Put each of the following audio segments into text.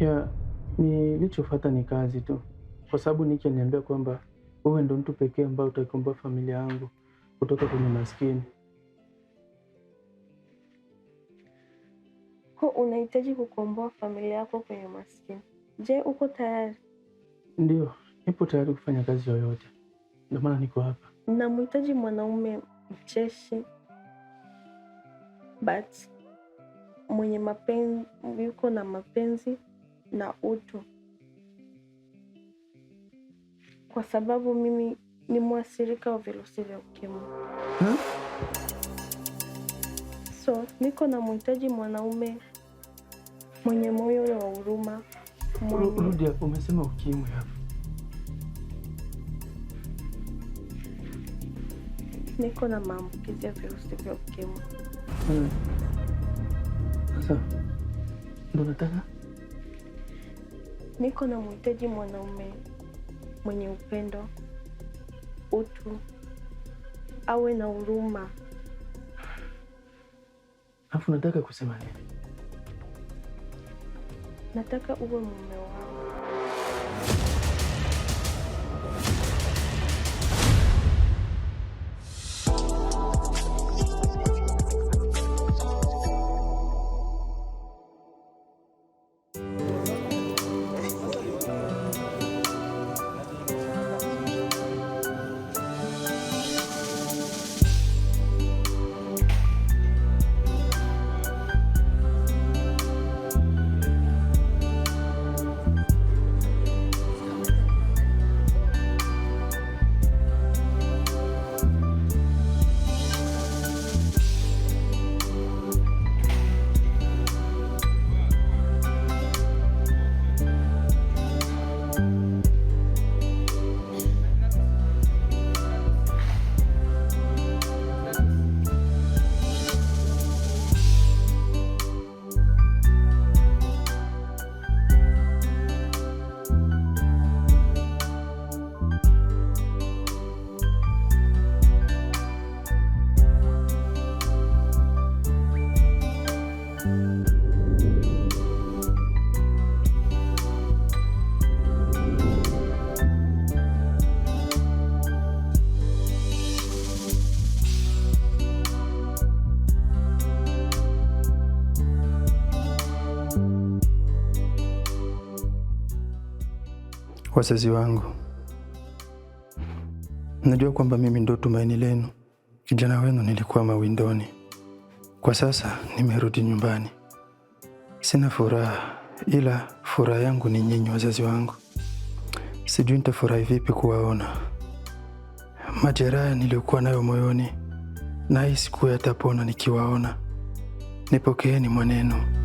Ya, nilichofuata ni kazi tu, kwa sababu Niki aliniambia kwamba wewe ndo mtu pekee ambaye utaikomboa familia yangu kutoka kwenye maskini. Ko, unahitaji kukomboa familia yako kwenye maskini. Je, uko tayari? Ndio, nipo tayari kufanya kazi yoyote, ndio maana niko hapa. Namhitaji mwanaume mcheshi but mwenye mapenzi, yuko na mapenzi na utu, kwa sababu mimi ni mwathirika wa virusi vya ukimwi hmm? So niko na mhitaji mwanaume mwenye moyo ule wa huruma. Rudia, umesema ukimwi hapo? Niko na maambukizi ya virusi vya ukimwi. Hmm. Sasa ndo nataka niko na mhitaji mwanaume mwenye upendo, utu, awe na huruma. Alafu nataka kusema nini? Nataka uwe mume wangu. wazazi wangu. Najua kwamba mimi ndo tumaini lenu. Kijana wenu nilikuwa mawindoni, kwa sasa nimerudi nyumbani. Sina furaha, ila furaha yangu ni nyinyi wazazi wangu. Sijui nitafurahi vipi kuwaona. Majeraha niliyokuwa nayo moyoni nahisi kuwa yatapona nikiwaona. Nipokeeni mwanenu.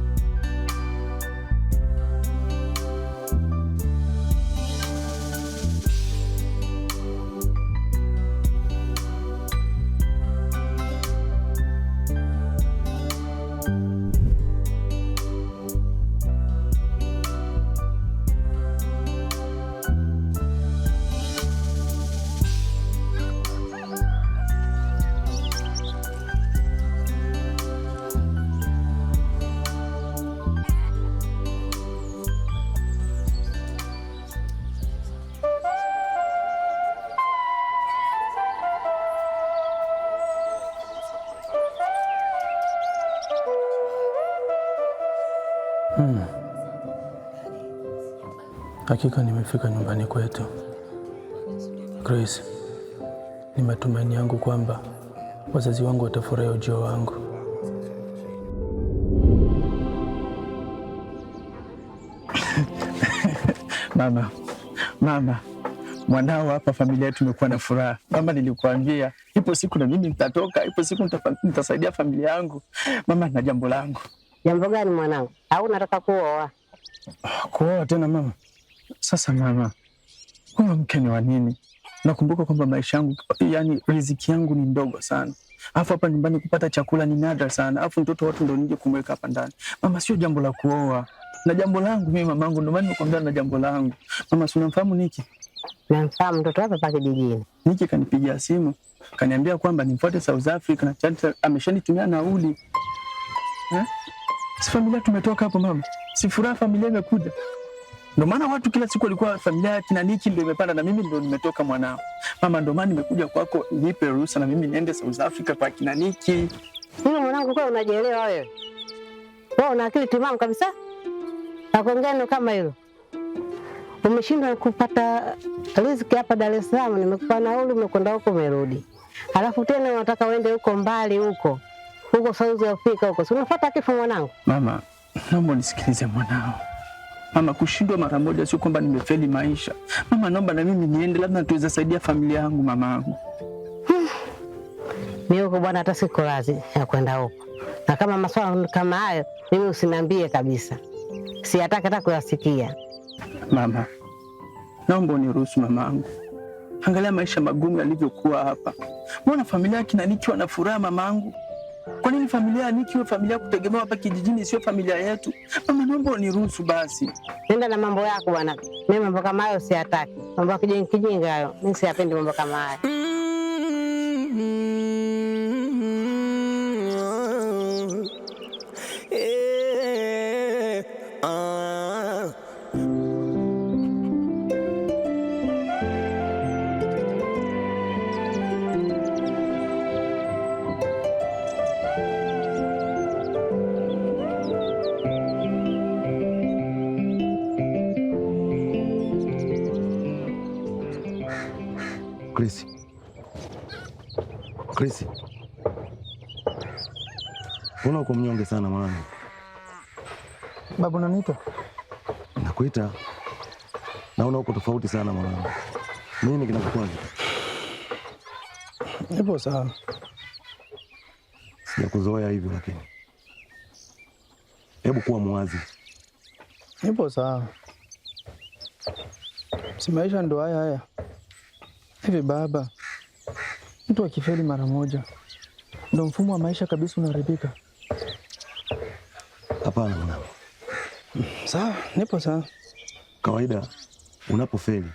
Hakika nimefika nyumbani kwetu. Grace, ni matumaini yangu kwamba wazazi wangu watafurahia ujio wangu. Mama, mama, mwanao hapa, familia yetu imekuwa na furaha. Mama, nilikuambia ipo siku na mimi nitatoka, ipo siku nitasaidia familia yangu. Mama, na jambo langu. Jambo gani mwanao? Au unataka kuoa? Kuoa tena mama? Sasa mama, wewe mke ni wa nini? Nakumbuka kwamba maisha yangu, yani riziki yangu ni ndogo sana, alafu hapa nyumbani kupata chakula ni nadra sana, alafu mtoto watu ndo nije kumweka hapa ndani. Mama, sio jambo la kuoa na jambo langu mimi mamangu, ndio maana nimekwambia na jambo langu. Mama, si unamfahamu Niki? Namfahamu, mtoto wako hapa jijini. Niki kanipigia simu kaniambia kwamba nimfuate South Africa na chance ameshanitumia nauli eh? Si familia tumetoka hapo mama, si furaha familia imekuja ndio maana watu kila siku walikuwa familia ya kina Niki ndio imepanda na mimi ndio nimetoka mwanao. Mama, ndio maana nimekuja kwako, nipe ruhusa na mimi niende South Africa kwa kina Niki. Mimi mwanangu, kwa unajielewa wewe. Wewe una akili timamu kabisa. Na kuongea neno kama hilo. Umeshindwa kupata riziki hapa Dar es Salaam, nimekupa nauli, umekwenda huko umerudi. Alafu tena unataka uende huko mbali huko. Huko South Africa huko. Si unafuata kifo mwanangu? Mama, naomba nisikilize mwanao. Mama, kushindwa mara moja sio kwamba nimefeli maisha. Mama, naomba na mimi niende, labda tuweza saidia familia yangu mama yangu. Mimi huko bwana, hata siko radhi ya kwenda huko, na kama maswala kama hayo mimi usiniambie kabisa, siyataka hata kuyasikia. Mama, naomba uniruhusu mama yangu, angalia maisha magumu yalivyokuwa hapa. Mbona familia yake na nikiwa wana furaha mama yangu familia nikiwe familia kutegemea hapa kijijini sio familia yetu. Mama, naomba uniruhusu basi. Nenda na mambo yako bwana. Mimi mambo kama hayo siyataki. Mambo ya kijinga kijinga hayo. Mimi siyapendi mambo kama hayo. Mm-hmm. uko mnyonge sana mwanangu. Babu, unaniita? Nakuita, naona uko tofauti sana mwanangu. Nini kinakukwaza? nipo sawa, sijakuzoea hivyo, lakini hebu kuwa mwazi. nipo sawa, si maisha ndo haya haya hivi baba. Mtu akifeli mara moja ndo mfumo wa maisha kabisa unaharibika. Hapana mwanangu. Sawa, nipo sawa. Kawaida unapofeli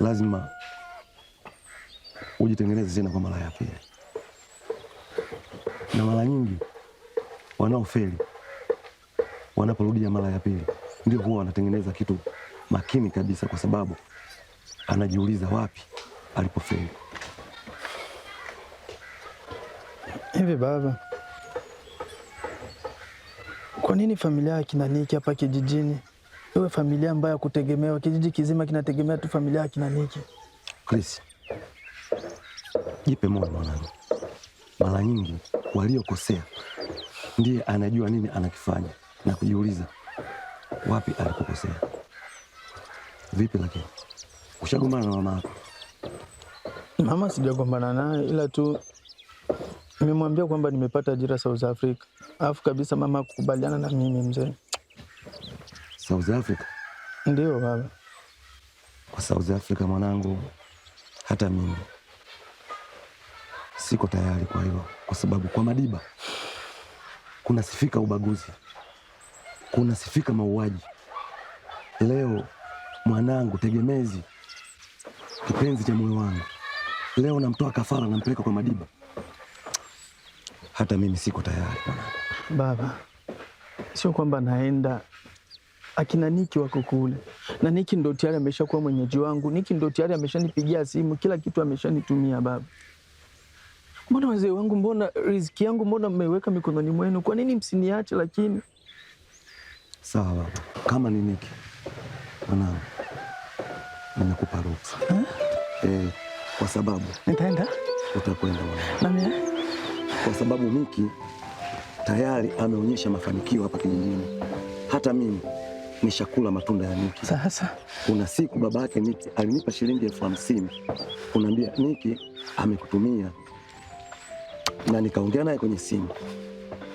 lazima ujitengeneze tena kwa mara ya pili, na mara nyingi wanaofeli wanaporudia mara ya pili ndio huwa wanatengeneza kitu makini kabisa, kwa sababu anajiuliza wapi alipofeli. Hivi baba kwa nini familia ya kina Niki hapa kijijini iwe familia ambayo kutegemewa? Kijiji kizima kinategemea tu familia ya kina Niki. Chris, jipe moyo mwanangu. Mara nyingi waliokosea ndiye anajua nini anakifanya na kujiuliza wapi alikokosea. Vipi lakini, ushagombana na mama yako? Mama sijagombana naye, ila tu nimemwambia kwamba nimepata ajira South Africa. Alafu kabisa mama kukubaliana na mimi mzee. South Africa? Ndio baba. Kwa South Africa mwanangu, hata mimi siko tayari kwa hilo, kwa sababu kwa Madiba kunasifika ubaguzi, kunasifika mauaji. Leo mwanangu tegemezi, kipenzi cha moyo wangu, leo namtoa kafara, nampeleka kwa Madiba. Hata mimi siko tayari mwanangu. Baba, sio kwamba naenda. Akina Niki wako kule, na Niki ndo tayari ameshakuwa mwenyeji wangu. Niki ndo tayari ameshanipigia simu, kila kitu ameshanitumia. Baba, mbona wazee wangu, mbona riziki yangu, mbona mmeiweka mikononi mwenu? Kwa nini msiniache? Lakini sawa baba, kama ni Niki mwanangu, nimekupa ruhusa eh, kwa sababu nitaenda. Utakwenda mwanangu, eh? kwa sababu Niki tayari ameonyesha mafanikio hapa kijijini. Hata mimi nishakula matunda ya Niki. Sasa kuna siku baba yake Niki alinipa shilingi elfu hamsini kunaambia Niki amekutumia, na nikaongea naye kwenye simu.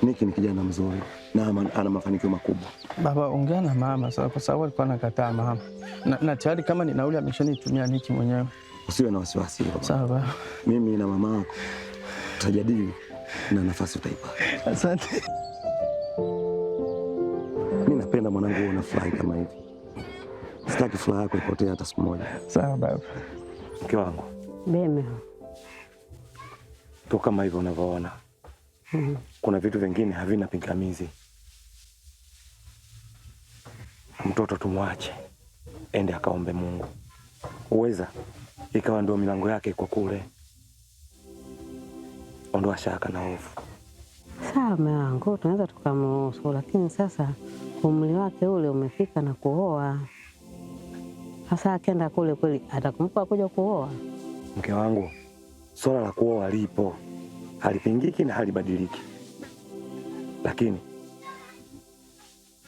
Niki ni kijana mzuri na ana mafanikio makubwa. Baba, ongea na mama sasa, kwa sababu alikuwa anakataa mama, na, na tayari kama ni nauli ameshanitumia Niki mwenyewe. Usiwe na wasiwasi baba. Sawa mimi na mama yako tutajadili na nafasi utaipata. Asante. Mimi napenda mwanangu uwe unafurahi kama hivi, sitaki furaha yako ipotea hata siku moja. Sawa baba. Mke wangu mimi tu kama hivyo unavyoona, mm -hmm. Kuna vitu vingine havina pingamizi, mtoto tumwache ende akaombe Mungu, uweza ikawa ndio milango yake kwa kule ondoa shaka na hofu. Sawa mume wangu, tunaweza tukamruhusu, lakini sasa umri wake ule umefika na kuoa. Hasa akenda kule kweli atakumbuka kuja kuoa? Mke wangu, swala la kuoa lipo, halipingiki na halibadiliki, lakini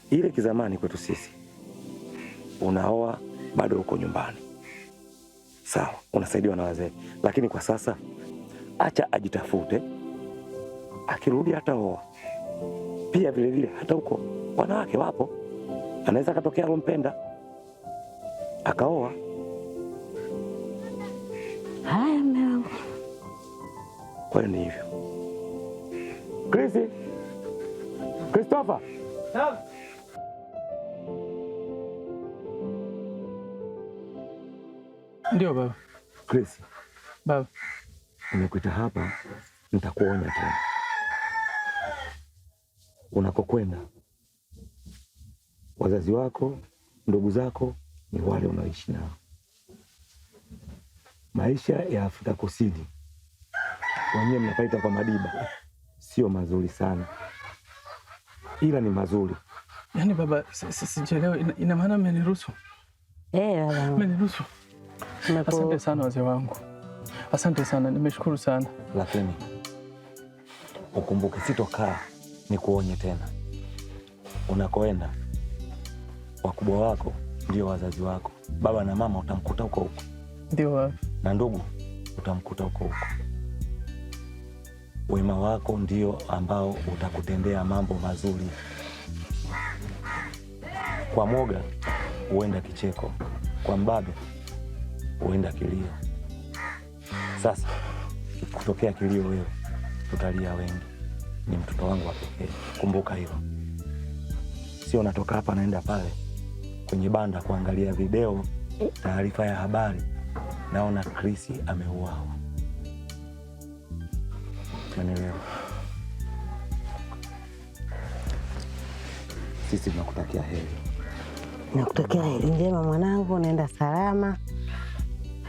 ile kizamani kwetu sisi, unaoa bado uko nyumbani, sawa, unasaidiwa na wazee, lakini kwa sasa acha ajitafute, akirudi hataoa. Pia vilevile hata huko wanawake wapo, anaweza akatokea alompenda akaoa. Haya, mume wangu, kwa hiyo ni hivyo. Krisi, Kristofa, ndio baba. Krisi, baba Nimekuita hapa, nitakuonya tena unakokwenda. Wazazi wako, ndugu zako ni wale unaoishi nao. Maisha ya Afrika Kusini wenyewe mnapaita kwa Madiba, sio mazuri sana, ila ni mazuri. Yaani baba, sichelewe. Ina maana mmeniruhusu? Eh, baba mmeniruhusu. Asante sana wazee wangu. Asante sana, nimeshukuru sana lakini ukumbuke, sitokaa ni kuonye tena. Unakoenda wakubwa wako ndio wazazi wako, baba na mama utamkuta huko huko, ndio na ndugu utamkuta huko huko. Wema wako ndio ambao utakutendea mambo mazuri. Kwa mwoga huenda kicheko, kwa mbabe huenda kilio sasa kutokea kilio wewe, tutalia wengi. Ni mtoto wangu wa pekee, kumbuka hilo. Sio natoka hapa naenda pale kwenye banda kuangalia video, taarifa ya habari, naona Chris ameuawa. Unanielewa? Sisi tunakutakia heri. Nakutakia heri njema mwanangu, naenda salama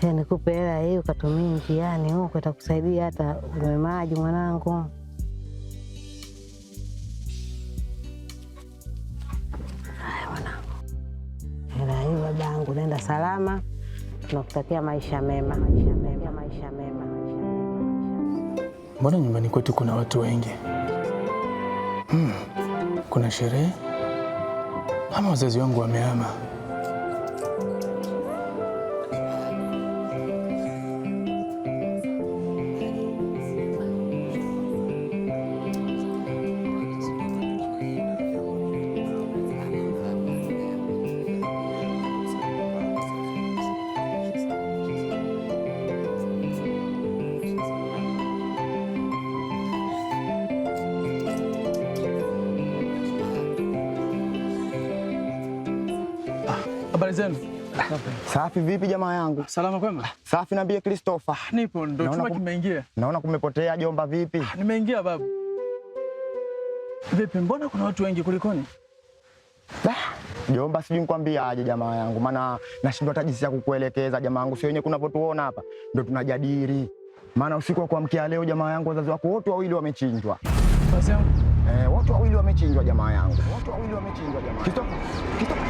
Eh, nikupe hela hii ukatumia njiani huko, itakusaidia hata unywe maji mwanangu. Haya mwanangu, hela hii babangu, naenda salama, tunakutakia maisha mema, maisha mema, maisha mema. Mbona nyumbani kwetu kuna watu wengi? Hmm, kuna sherehe ama wazazi wangu wamehama? Habari zenu? Safi vipi jamaa yangu? Salama kwema? Safi nambie Christopher. Nipo ndo chuma kimeingia. Naona kumepotea jomba vipi? Ah, nimeingia babu. Vipi mbona kuna watu wengi kulikoni? Ah, jomba sijui nikwambia aje jamaa yangu, maana nashindwa hata jinsi ya kukuelekeza jamaa yangu, sio wenyewe kunapotuona hapa ndo tunajadili, maana usiku wa kuamkia leo jamaa yangu, wazazi wako wote wawili wamechinjwa. Basi yangu eh, watu wawili wamechinjwa jamaa yangu, Watu wawili wamechinjwa jamaa. Kitoka kitoka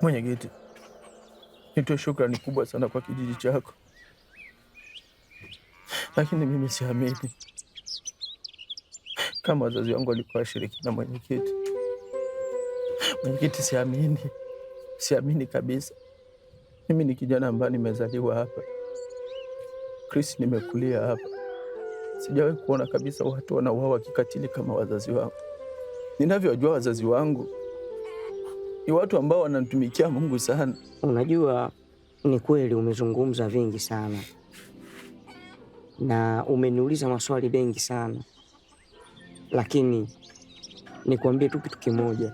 Mwenyekiti, nitoe shukrani kubwa sana kwa kijiji chako, lakini mimi siamini kama wazazi wangu walikuwa washiriki na mwenyekiti. Mwenyekiti, siamini, siamini kabisa. Mimi ni kijana ambaye nimezaliwa hapa Chris, nimekulia hapa, sijawahi kuona kabisa watu wanauawa kikatili kama wazazi wangu. Ninavyojua wazazi wangu ni watu ambao wanamtumikia Mungu sana. Unajua, ni kweli umezungumza vingi sana na umeniuliza maswali mengi sana, lakini nikwambie tu kitu kimoja,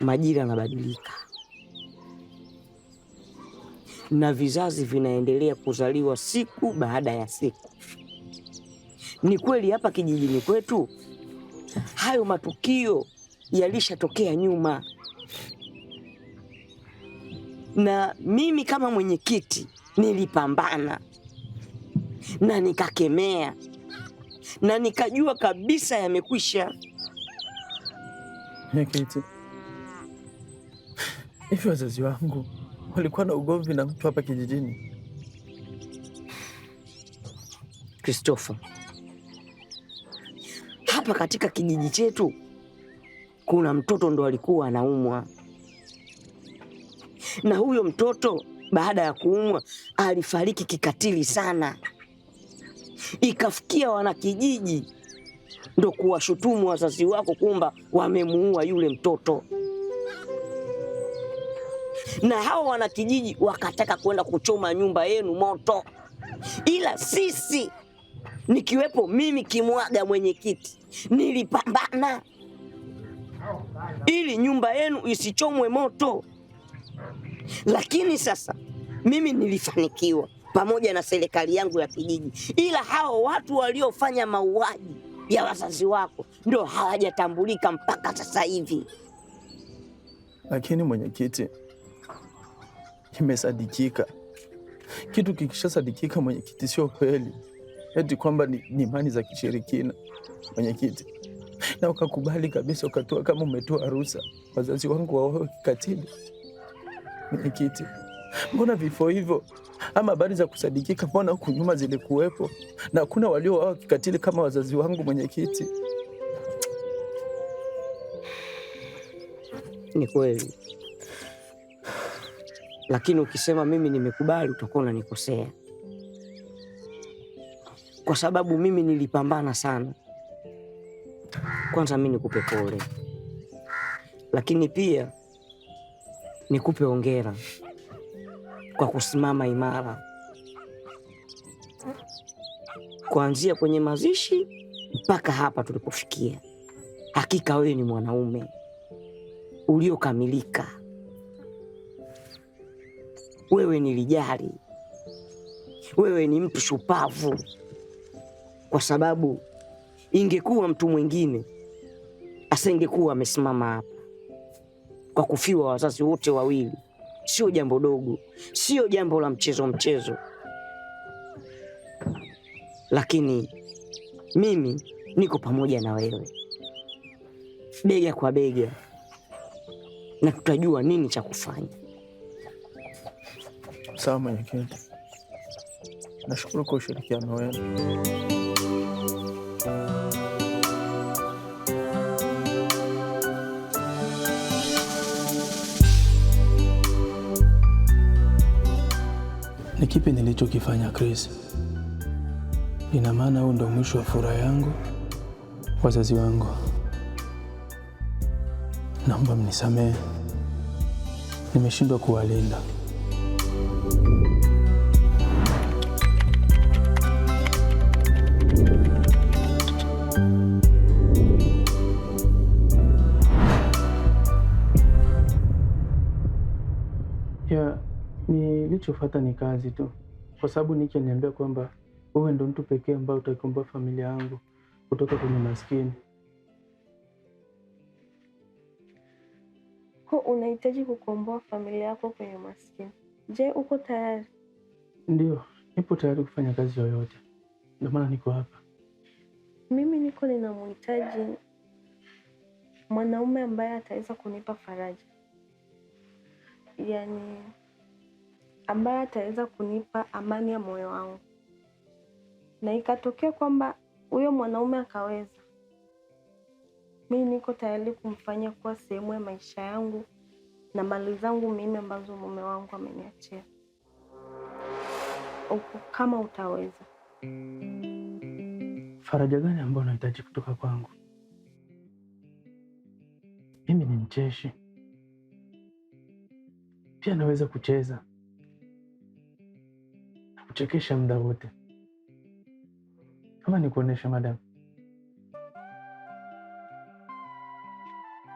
majira yanabadilika na vizazi vinaendelea kuzaliwa siku baada ya siku. Ni kweli hapa kijijini kwetu hayo matukio yalishatokea nyuma, na mimi kama mwenyekiti nilipambana na nikakemea na nikajua kabisa yamekwisha. Mwenyekiti, hivi wazazi wangu walikuwa na ugomvi na mtu hapa kijijini? Christopher, hapa katika kijiji chetu kuna mtoto ndo alikuwa anaumwa na huyo mtoto baada ya kuumwa alifariki kikatili sana, ikafikia wanakijiji ndo kuwashutumu wazazi wako, kumba wamemuua yule mtoto. Na hao wanakijiji wakataka kwenda kuchoma nyumba yenu moto, ila sisi nikiwepo mimi Kimwaga mwenyekiti, nilipambana ili nyumba yenu isichomwe moto. Lakini sasa mimi nilifanikiwa pamoja na serikali yangu ya kijiji, ila hao watu waliofanya mauaji ya wazazi wako ndio hawajatambulika mpaka sasa hivi. Lakini mwenyekiti, imesadikika kitu kikishasadikika, mwenyekiti, sio kweli eti kwamba ni imani za kishirikina mwenyekiti, na ukakubali kabisa, ukatoa kama umetoa ruhusa wazazi wangu waoe kikatili. Mwenyekiti, mbona vifo hivyo ama habari za kusadikika, mbona huku nyuma zilikuwepo na hakuna waliouawa kikatili kama wazazi wangu? Mwenyekiti, ni kweli, lakini ukisema mimi nimekubali utakuwa unanikosea, kwa sababu mimi nilipambana sana. Kwanza mimi nikupe pole, lakini pia nikupe hongera kwa kusimama imara kuanzia kwenye mazishi mpaka hapa tulipofikia. Hakika wewe ni mwanaume uliokamilika, wewe ni lijali, wewe ni mtu shupavu, kwa sababu ingekuwa mtu mwingine asingekuwa amesimama hapa kwa kufiwa wazazi wote wawili sio jambo dogo, sio jambo la mchezo mchezo. Lakini mimi niko pamoja na wewe bega kwa bega, na tutajua nini cha kufanya. Sawa mwenyekiti, nashukuru kwa ushirikiano wenu. kipi nilichokifanya Chris? Ina maana huu ndio mwisho wa furaha yangu? Wazazi wangu, naomba mnisamehe, nimeshindwa kuwalinda. kilichofuata ni kazi tu, kwa sababu Niki aniambia kwamba wewe ndo mtu pekee ambaye utaikomboa familia yangu kutoka kwenye maskini. Ko, unahitaji kukomboa familia yako kwenye maskini. Je, uko tayari? Ndio, nipo tayari kufanya kazi yoyote, ndio maana niko hapa. Mimi niko ninamhitaji mwanaume ambaye ataweza kunipa faraja, yaani ambaye ataweza kunipa amani ya moyo wangu. Na ikatokea kwamba huyo mwanaume akaweza, mi niko tayari kumfanya kuwa sehemu ya maisha yangu na mali zangu mimi ambazo mume wangu ameniachia, kama utaweza. Faraja gani ambayo unahitaji kutoka kwangu? Mimi ni mcheshi pia, naweza kucheza kuchekesha muda wote. Kama nikuonyesha madam?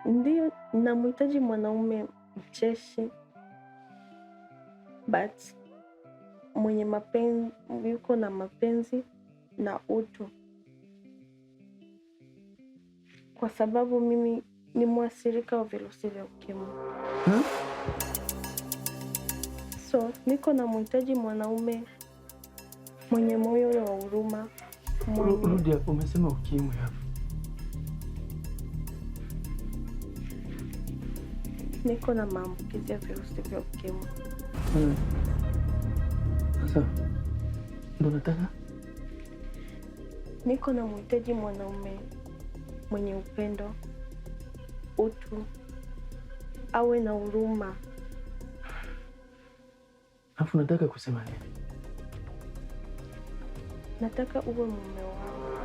Ndio, namhitaji mwanaume mcheshi but mwenye mapenzi, yuko na mapenzi na utu, kwa sababu mimi ni mwathirika wa virusi vya ukimwi hmm? So niko na mhitaji mwanaume mwenye moyo ule wa huruma. Rudi hapo, umesema ukimwi hapo. Niko na maambukizi ya virusi vya ukimwi. Hmm. Sasa ndo nataka niko na mhitaji mwanaume mwenye upendo, utu, awe na huruma. Afu nataka kusema nini? Nataka uwe mume wangu.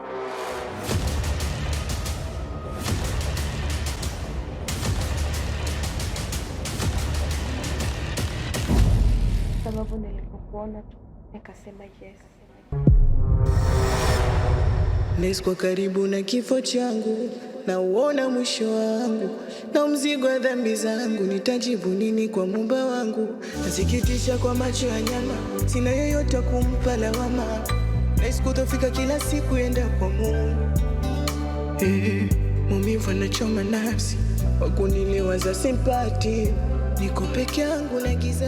Sababu nilipokuona tu nikasema yes. Naisikwa karibu na kifo changu, na uona mwisho wangu, na mzigo wa dhambi zangu, nitajibu nini kwa mumba wangu? Nasikitisha kwa macho ya nyama, sina yoyote kumpa lawama rahisi kudhoofika kila siku enda kwa Mungu. Eh, maumivu anachoma nafsi, wakunilewaza simpati, niko peke yangu na giza